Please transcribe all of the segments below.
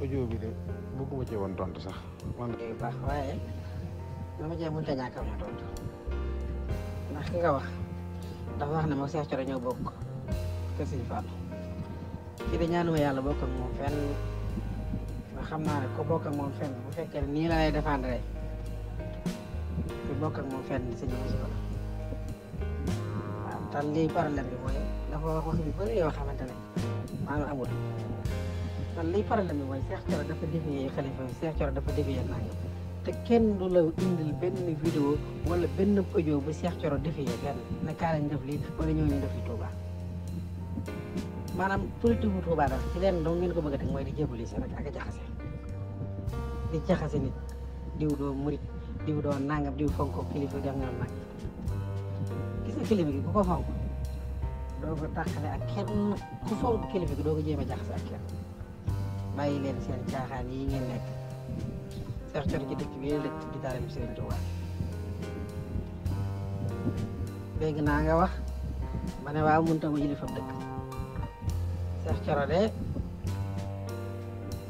audio bi de bëgguma ci woon tontu sax. man de waaye dama cee mënut a ñàkk a ma tontu ndax ki nga wax dafa wax ne ma Cheikh yàlla bokk xam naa ne ko bokk ak bu fekkee nii la lay bokk ak moom fenn sëñ musiba la waaw bi mooy dafa wax wax bi bëri yoo xamante ne maanaam amul. man liy problème bi mooy Cheikh Thioro dafa dévier xalifa bi Cheikh Thioro dafa te kenn du la indil benn vidéo wala benn audio bu Cheikh Thioro dévier benn ne kaa lañ def lii wala ñëw ñu def li Touba maanaam politique bu Touba daal ci leen dong ngeen ko bëgg a teg mooy di jébali si rek ak a jaxase di jaxase nit diw doo murit diw doo nangam diw fonko kilifa def nga nag gis nga kilifa gi ku ko fonk doo ko tàqale ak kenn ku fonk kilifa gi doo ko jéem a jaxase ak kenn bàyyi leen seen caaxaan yi ngeen nekk Cheikh Thioro ci dëkk bi la dëkk di taalibu Sëriñ Tuubaa dégg naa nga wax ma ne waaw mënut a mujj li fa dëkk Cheikh Thioro de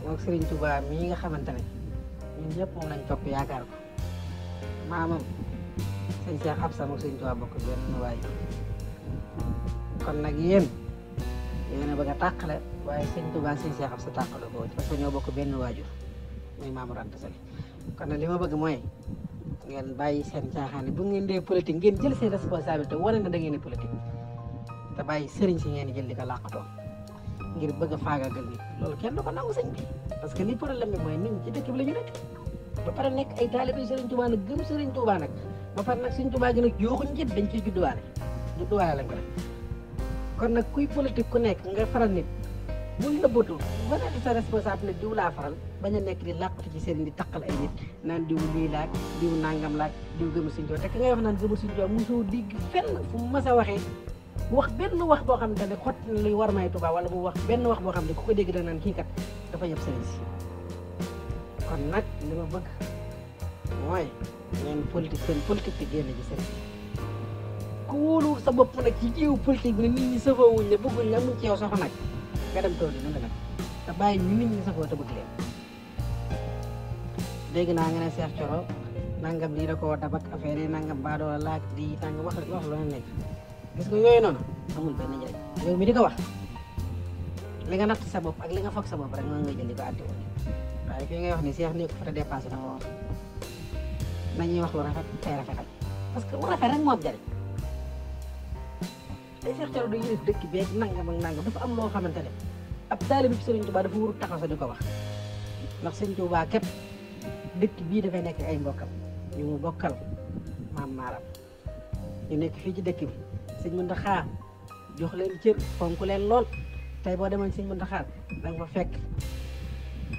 moom Sëriñ Tuubaa mii nga xamante ne ñun ñëpp moom lañ topp yaakaar ko maamam sëñ Cheikh Absa moom Sëriñ Tuubaa bokk benn waaye kon nag yéen. danga ne bëgg a tàqale waaye sëñ Tuubaa sëñ Seex Absa tàqale ko parce ñoo bokk benn waajur muy Maam Mor Anta Sali kon nag li ma bëgg mooy ngeen bàyyi seen caaxaan bu ngeen dee politique ngeen jël seen responsabilité wane na da ngeen di politique te bàyyi sëriñ si ngeen jël di ko làqatoo ngir bëgg a faagaagal nit loolu kenn du ko nangu sëñ bi parce que li problème bi mooy nit ci dëkk bi la ñu nekk ba pare nekk ay taalibe sëriñ Tuubaa nag gëm sëriñ Tuubaa nag ba pare nag sëriñ Tuubaa gi nag yooxuñ jët dañ ciy lañ ko def kon nag kuy politique ku nekk nga faral nit bul nëbbatu wane sa responsable ne diw laa faral ba a nekk di làqatu ci seen di taqal ay nit naan diw lii laak diw nangam laak diw gëmul suñu joo te ki ngay wax naan gëmul suñu joo mosoo digg fenn fu mu mas a waxee wax benn wax boo xam ne xot luy war may tubaab wala mu wax benn wax boo xam ne ku ko dégg da naan kii kat dafa yëpp sëriñ kon nag li ma bëgg mooy ngeen politique seen politique di génn ci sëriñ wóolu sa bopp nag ci jiw politique bi ne nit ñi safoo wuñ la bëgguñ la amuñ ci yow soxla nag nga dem tool yi nan nag te bàyyi ñu nit ñi safoo te bëgg leen dégg naa nga nangam lii da koo dabak affaire nangam baadoola laak di tàng wax wax loo nekk gis nga yooyu di ko wax li nga natt sa bopp ak li nga foog sa bopp rek noonu nga jël di ko ngay wax ni Cheikh nekk fa te dépassé dafa wax wax lu rafet tey rafetal parce que lu rafet rek moo am tey Cheikh Thioro du yilif dëkk beeg nangam na nangam dafa am loo xamante ne ab taalibe bi Serigne Touba dafa warul taxaw sa di ko wax ndax Serigne Touba képp dëkk bii dafay nekk ay mbokkam ñu mu bokkal maam maaram ñu nekk fii ci dëkk bi sëñ Mountakha jox leen cër fonk leen lool tey boo demoon sëñ Mountakha da nga fa fekk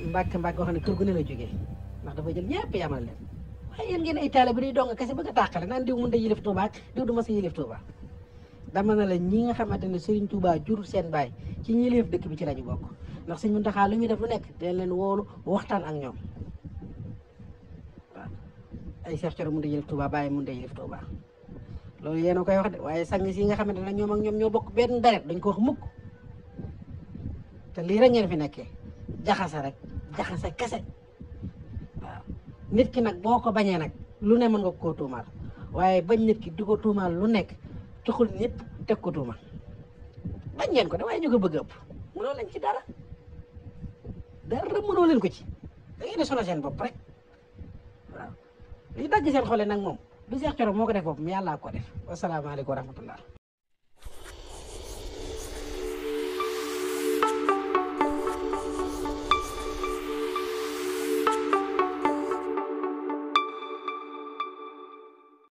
mbàkk mbàkk wax ne kër gu ne la jógee ndax dafa jël ñëpp yamal leen waaye yéen ngeen ay taalibe bi day dong kese bëgg a tàqale naan diw mun da yilif Touba dama na leen ñi nga xamante ne Serigne Touba jur seen baay ci ñi leef dëkk bi ci la ñu bokk ndax Serigne Mountakha lu ñu def lu nekk te leen woolu waxtaan ak ñoom waaw ay Cheikh da yëlif Touba bàyyi mun da yëlif Touba loolu yéen koy wax de waaye sang si nga xamante ne ñoom ak ñoom ñoo bokk benn deret dañ ko wax mukk te lii rek ngeen fi nekkee jaxase rek jaxase kese waaw nit ki nag boo ko bañee nag lu ne mën nga koo tuumaal waaye bañ nit ki di ko tuumaal lu nekk taxul ñëpp teg ko tuuma bañ ngeen ko de waaye ñu ko bëgg a ëpp mënoo leen ci dara dara mënoo leen ko ci da solo di sonal seen bopp rek waaw li dagg seen xoolee nag moom du Seex Coro moo ko def mi yàllaa ko def wasalaamaaleykum wa rahmatullah